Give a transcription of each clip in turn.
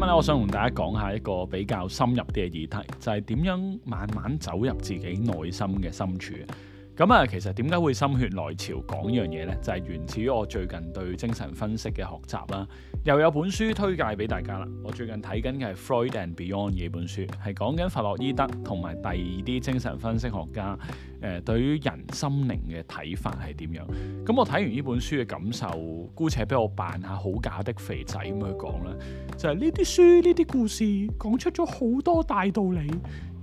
今日，我想同大家講下一個比較深入啲嘅議題，就係點樣慢慢走入自己內心嘅深處。咁啊，其實點解會心血來潮講呢樣嘢呢？就係、是、源自於我最近對精神分析嘅學習啦，又有本書推介俾大家啦。我最近睇緊嘅係 Freud and Beyond 呢本書，係講緊弗洛伊德同埋第二啲精神分析學家。誒對於人心靈嘅睇法係點樣？咁我睇完呢本書嘅感受，姑且俾我扮下好假的肥仔咁去講啦。就係呢啲書呢啲故事講出咗好多大道理，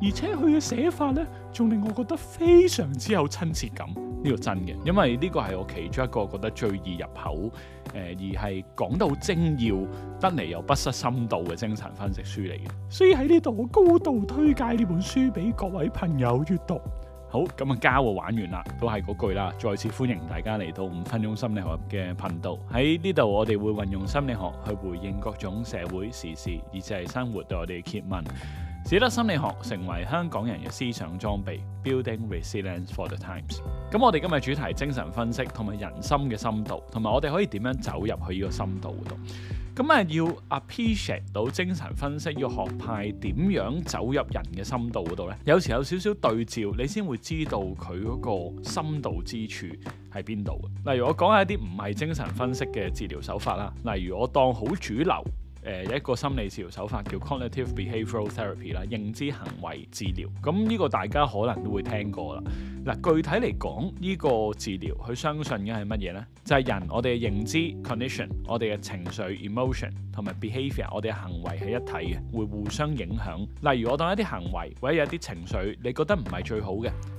而且佢嘅寫法呢，仲令我覺得非常之有親切感。呢個真嘅，因為呢個係我其中一個覺得最易入口，誒、呃、而係講到精要，得嚟又不失深度嘅精神分析書嚟嘅。所以喺呢度我高度推介呢本書俾各位朋友閱讀。好，咁啊，交流玩完啦，都係嗰句啦。再次歡迎大家嚟到五分鐘心理學嘅頻道。喺呢度，我哋會運用心理學去回應各種社會時事，而且係生活對我哋嘅揭問，使得心理學成為香港人嘅思想裝備。Building resilience for the times。咁我哋今日主題精神分析，同埋人心嘅深度，同埋我哋可以點樣走入去呢個深度度。咁啊，要 appreciate 到精神分析呢個學派點樣走入人嘅深度嗰度呢？有時有少少對照，你先會知道佢嗰個深度之處喺邊度。例如我講下啲唔係精神分析嘅治療手法啦，例如我當好主流。誒一個心理治療手法叫 cognitive behavioral therapy 啦，認知行為治療。咁呢個大家可能都會聽過啦。嗱，具體嚟講，呢個治療佢相信嘅係乜嘢呢？就係人我哋嘅認知 condition，我哋嘅情緒 emotion，同埋 behavior，我哋嘅行為係一體嘅，會互相影響。例如我當一啲行為或者有啲情緒，你覺得唔係最好嘅。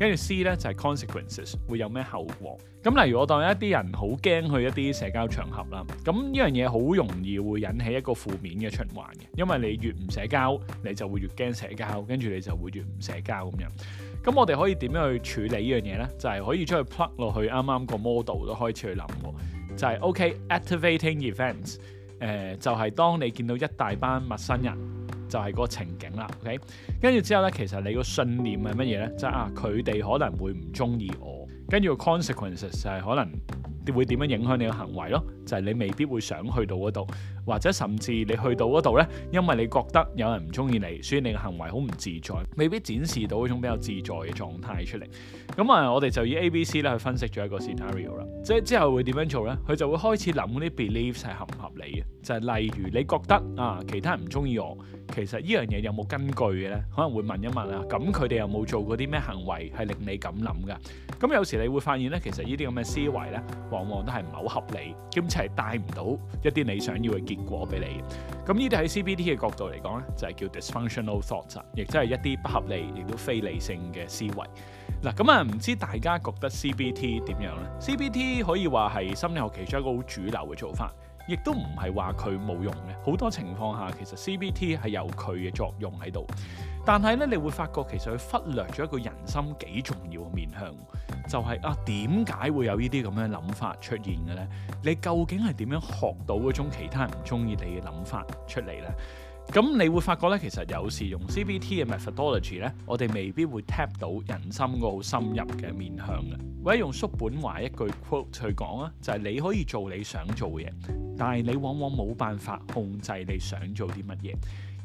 跟住 C 咧就係 consequences 會有咩後果？咁例如我當一啲人好驚去一啲社交場合啦，咁呢樣嘢好容易會引起一個負面嘅循環嘅，因為你越唔社交，你就會越驚社交，跟住你就會越唔社交咁樣。咁我哋可以點樣去處理呢樣嘢呢？就係、是、可以將佢 plug 落去啱啱個 model 都開始去諗喎，就係、是、OK activating events，誒、呃、就係、是、當你見到一大班陌生人。就係嗰個情景啦。OK，跟住之後咧，其實你個信念係乜嘢咧？就係、是、啊，佢哋可能會唔中意我。跟住 consequences 就係可能會點樣影響你嘅行為咯？就係、是、你未必會想去到嗰度，或者甚至你去到嗰度咧，因為你覺得有人唔中意你，所以你嘅行為好唔自在，未必展示到嗰種比較自在嘅狀態出嚟。咁啊，我哋就以 A、B、C 咧去分析咗一個 scenario 啦。即係之後會點樣做咧？佢就會開始諗嗰啲 beliefs 係合唔合理嘅。就係、是、例如你覺得啊，其他人唔中意我。其實呢樣嘢有冇根據嘅咧，可能會問一問啊。咁佢哋有冇做過啲咩行為係令你咁諗噶？咁有時你會發現咧，其實呢啲咁嘅思維咧，往往都係唔係好合理，兼且帶唔到一啲你想要嘅結果俾你。咁呢啲喺 CBT 嘅角度嚟講咧，就係叫 dysfunctional thoughts，亦即係一啲不合理亦都非理性嘅思維。嗱，咁啊，唔知大家覺得 CBT 點樣咧？CBT 可以話係心理學其中一個好主流嘅做法。亦都唔係話佢冇用嘅，好多情況下其實 CBT 係有佢嘅作用喺度。但係咧，你會發覺其實佢忽略咗一個人心幾重要嘅面向，就係啊點解會有呢啲咁嘅諗法出現嘅咧？你究竟係點樣學到嗰種其他人唔中意你嘅諗法出嚟咧？咁你會發覺咧，其實有時用 CBT 嘅 methodology 咧，我哋未必會 tap 到人心個好深入嘅面向嘅。或者用叔本華一句 quote 去講啦，就係你可以做你想做嘅嘢。但係你往往冇辦法控制你想做啲乜嘢，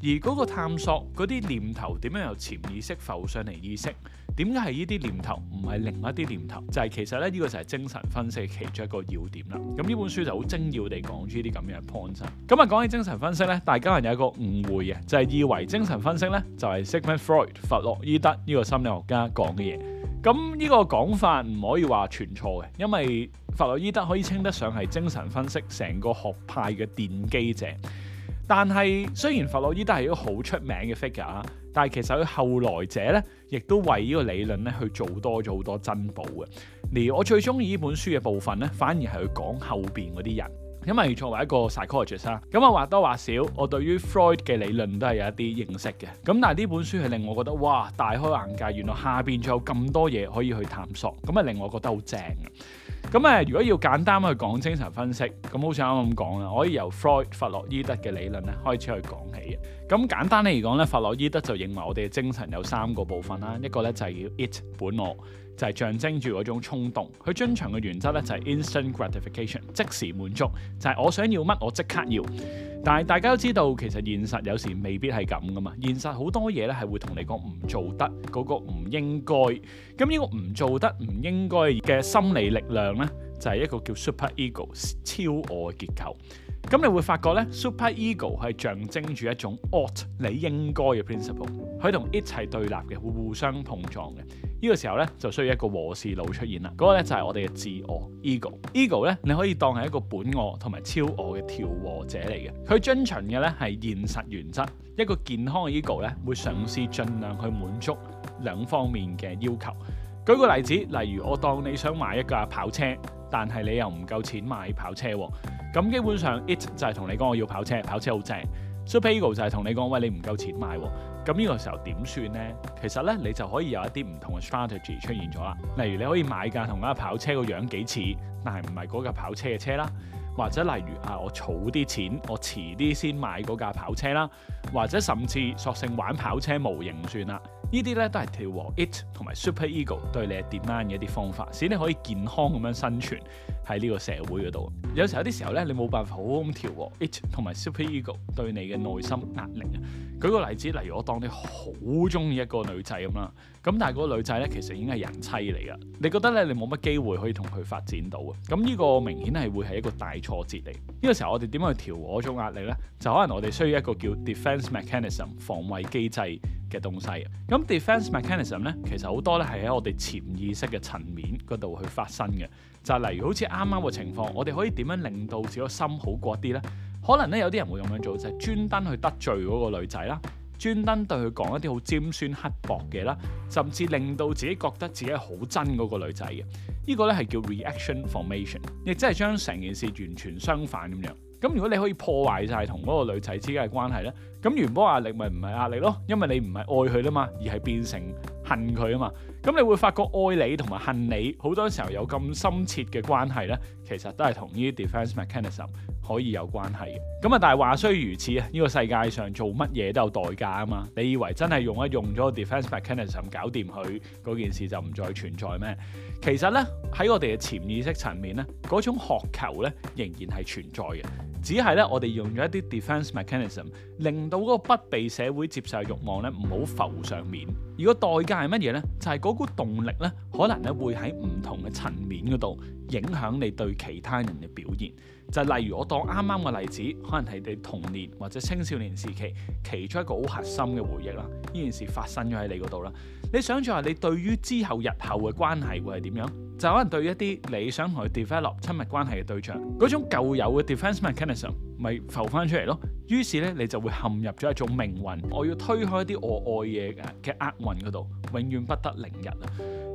而嗰個探索嗰啲念頭點樣由潛意識浮上嚟意識？點解係呢啲念頭唔係另一啲念頭？就係、是、其實咧呢、呢個就係精神分析嘅其中一個要點啦。咁呢本書就好精要地講住呢啲咁嘅 point。咁啊講起精神分析呢，大家係有一個誤會嘅，就係、是、以為精神分析呢就係、是、Sigmund Freud 弗洛伊德呢、呢個心理學家講嘅嘢。咁呢個講法唔可以話全錯嘅，因為弗洛伊德可以稱得上係精神分析成個學派嘅奠基者，但係雖然弗洛伊德係一個好出名嘅 figure 啊，但係其實佢後來者咧，亦都為呢個理論咧去做多咗好多增補嘅。而我最中意呢本書嘅部分咧，反而係去講後邊嗰啲人，因為作為一個 psychologist 啊，咁啊話多話少我對於 Freud 嘅理論都係有一啲認識嘅。咁但係呢本書係令我覺得哇大開眼界，原來下邊仲有咁多嘢可以去探索，咁啊令我覺得好正咁啊，如果要簡單去講精神分析，咁好似啱啱咁講啦，可以由 Freud 弗洛伊德嘅理論咧開始去講起嘅。咁簡單嚟講咧，弗洛伊德就認為我哋嘅精神有三個部分啦，一個咧就係叫 It 本我，就係象徵住嗰種衝動，佢遵循嘅原則咧就係 instant gratification 即時滿足，就係我想要乜我即刻要。但係大家都知道，其實現實有時未必係咁噶嘛。現實好多嘢咧係會同你講唔做得嗰、嗰個唔應該。咁呢個唔做得唔應該嘅心理力量咧，就係、係、一個叫 Super Ego 超我嘅結構。咁你會發覺咧，super ego 係象徵住一種 ought 你應該嘅 principle，佢同 it 係對立嘅，會互相碰撞嘅。呢、這個時候咧就需要一個和事佬出現啦。嗰、那個咧就係我哋嘅自我 ego。ego 咧、e、你可以當係一個本我同埋超我嘅調和者嚟嘅。佢遵循嘅咧係現實原則。一個健康嘅 ego 咧會嘗試盡量去滿足兩方面嘅要求。舉個例子，例如我當你想買一架跑車。但係你又唔夠錢買跑車喎、哦，咁基本上 id 就係同你講我要跑車，跑車好正，superego 就係同你講喂，你唔夠錢買喎、哦，咁呢個時候點算呢？其實呢，你就可以有一啲唔同嘅 strategy 出現咗啦，例如你可以買架同架跑車個樣幾似，但係唔係嗰架跑車嘅車啦。或者例如啊，我儲啲錢，我遲啲先買嗰架跑車啦，或者甚至索性玩跑車模型算啦。呢啲咧都係調和 it 同埋 super ego 對你嘅 demand 嘅一啲方法，使你可以健康咁樣生存喺呢個社會嗰度。有時候有啲時候咧，你冇辦法好好咁調和 it 同埋 super ego 對你嘅內心壓力。舉個例子，例如我當你好中意一個女仔咁啦，咁但係嗰個女仔咧其實已經係人妻嚟噶，你覺得咧你冇乜機會可以同佢發展到啊，咁呢個明顯係會係一個大挫折嚟。呢、呢個時候我哋點樣去調和嗰種壓力咧？就可能我哋需要一個叫 defense mechanism 防衛機制嘅東西。咁 defense mechanism 咧其實好多咧係喺我哋潛意識嘅層面嗰度去發生嘅。就係例如好似啱啱個情況，我哋可以點樣令到自己心好過啲咧？可能咧有啲人會咁樣做就係專登去得罪嗰個女仔啦，專登對佢講一啲好尖酸刻薄嘅啦，甚至令到自己覺得自己好憎嗰個女仔嘅。這個、呢個咧係叫 reaction formation，亦即係將成件事完全相反咁樣。咁如果你可以破壞晒同嗰個女仔之間嘅關係咧，咁原本壓力咪唔係壓力咯，因為你唔係愛佢吖嘛，而係變成。恨佢啊嘛，咁你會發覺愛你同埋恨你，好多時候有咁深切嘅關係呢，其實都係同呢啲 defense mechanism 可以有關係嘅。咁啊，但係話雖如此啊，呢個世界上做乜嘢都有代價啊嘛。你以為真係用一用咗 defense mechanism 搞掂佢嗰件事就唔再存在咩？其實呢，喺我哋嘅潛意識層面呢，嗰種渴求呢，仍然係存在嘅。只係咧，我哋用咗一啲 defense mechanism，令到嗰個不被社會接受嘅欲望咧，唔好浮上面。而個代價係乜嘢呢？就係嗰股動力咧，可能咧會喺唔同嘅層面嗰度影響你對其他人嘅表現。就例如我當啱啱嘅例子，可能係你童年或者青少年時期其中一個好核心嘅回憶啦。呢件事發生咗喺你嗰度啦，你想住話你對於之後日後嘅關係會係點樣？就可能對於一啲你想同佢 develop 親密關係嘅對象，嗰種舊有嘅 defense mechanism 咪浮翻出嚟咯。於是咧，你就會陷入咗一種命運，我要推開啲我愛嘢嘅厄運嗰度，永遠不得寧日啊。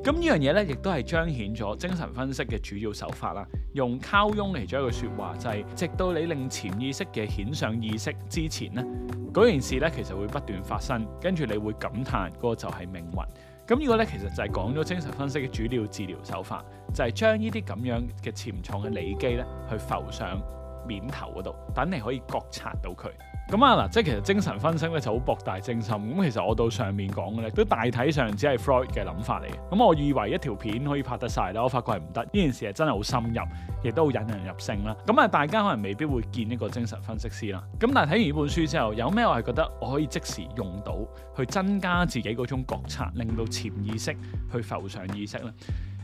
咁呢樣嘢咧，亦都係彰顯咗精神分析嘅主要手法啦。用卡翁嚟咗一句説話就係、是：直到你令潛意識嘅顯上意識之前咧，嗰件事咧其實會不斷發生，跟住你會感嘆嗰、那個就係命運。咁呢個咧，其實就係講咗精神分析嘅主要治療手法，就係將呢啲咁樣嘅潛藏嘅理機咧，去浮上面頭嗰度，等你可以覺察到佢。咁啊嗱，即係、嗯、其實精神分析咧就好博大精深。咁其實我到上面講嘅咧，都大體上只係 Freud 嘅諗法嚟嘅。咁、嗯、我以為一條片可以拍得晒，但我發覺係唔得。呢件事係真係好深入，亦都好引人入勝啦。咁、嗯、啊，大家可能未必會見呢個精神分析師啦。咁、嗯、但係睇完呢本書之後，有咩我係覺得我可以即時用到，去增加自己嗰種覺察，令到潛意識去浮上意識咧？誒、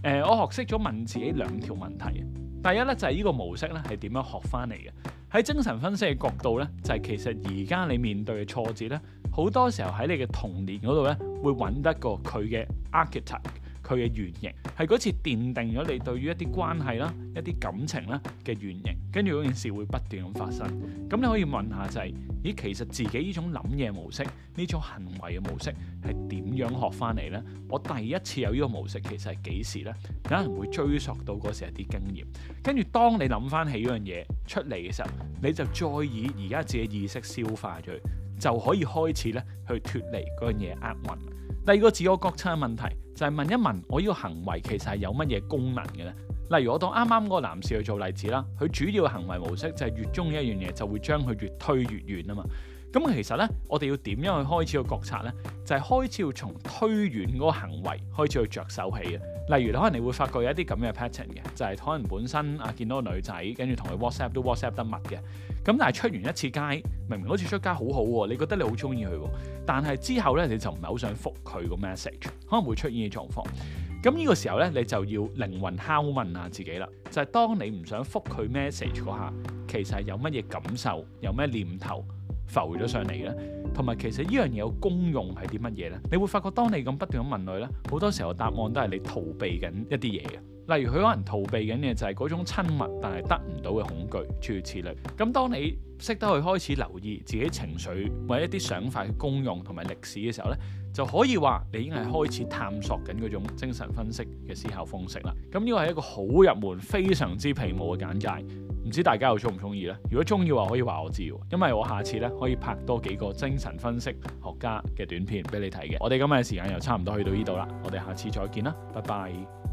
呃，我學識咗問自己兩條問題。第一咧就係、是、呢個模式咧係點樣學翻嚟嘅？喺精神分析嘅角度咧，就係、是、其實而家你面對嘅挫折咧，好多時候喺你嘅童年嗰度咧，會揾得個佢嘅 architect。佢嘅原型係嗰次奠定咗你對於一啲關係啦、一啲感情啦嘅原型，跟住嗰件事會不斷咁發生。咁你可以問下就係：咦，其實自己呢種諗嘢模式、呢種行為嘅模式係點樣學翻嚟呢？我第一次有呢個模式其實係幾時呢？有可能會追溯到嗰時一啲經驗。跟住當你諗翻起嗰樣嘢出嚟嘅時候，你就再以而家自己意識消化佢，就可以開始呢去脫離嗰樣嘢厄運。第二個自我覺察問題。就係問一問，我呢個行為其實係有乜嘢功能嘅呢？例如我當啱啱嗰個男士去做例子啦，佢主要行為模式就係越鍾意一樣嘢，就會將佢越推越遠啊嘛。咁其實咧，我哋要點樣去開始去覺察呢？就係、是、開始要從推遠嗰個行為開始去着手起嘅。例如，可能你會發覺有一啲咁嘅 pattern 嘅，就係、是、可能本身啊見到個女仔，跟住同佢 WhatsApp 都 WhatsApp 得密嘅。咁但係出完一次街，明明好似出街好好、哦、喎，你覺得你好鍾意佢喎，但係之後呢，你就唔係好想覆佢個 message，可能會出現嘅狀況。咁呢個時候呢，你就要靈魂拷問下自己啦。就係、是、當你唔想覆佢 message 嗰下，其實有乜嘢感受，有咩念頭？浮咗上嚟咧，同埋其實呢樣嘢有功用係啲乜嘢呢？你會發覺當你咁不斷咁問佢呢，好多時候答案都係你逃避緊一啲嘢嘅。例如佢可能逃避緊嘅就係嗰種親密但係得唔到嘅恐懼，諸如此類。咁當你識得去開始留意自己情緒或者一啲想法嘅功用同埋歷史嘅時候呢，就可以話你已經係開始探索緊嗰種精神分析嘅思考方式啦。咁呢個係一個好入門非常之皮毛嘅簡介。唔知大家又中唔中意呢？如果中意嘅話，可以話我知喎，因為我下次呢，可以拍多幾個精神分析學家嘅短片俾你睇嘅。我哋今日嘅時間又差唔多去到呢度啦，我哋下次再見啦，拜拜。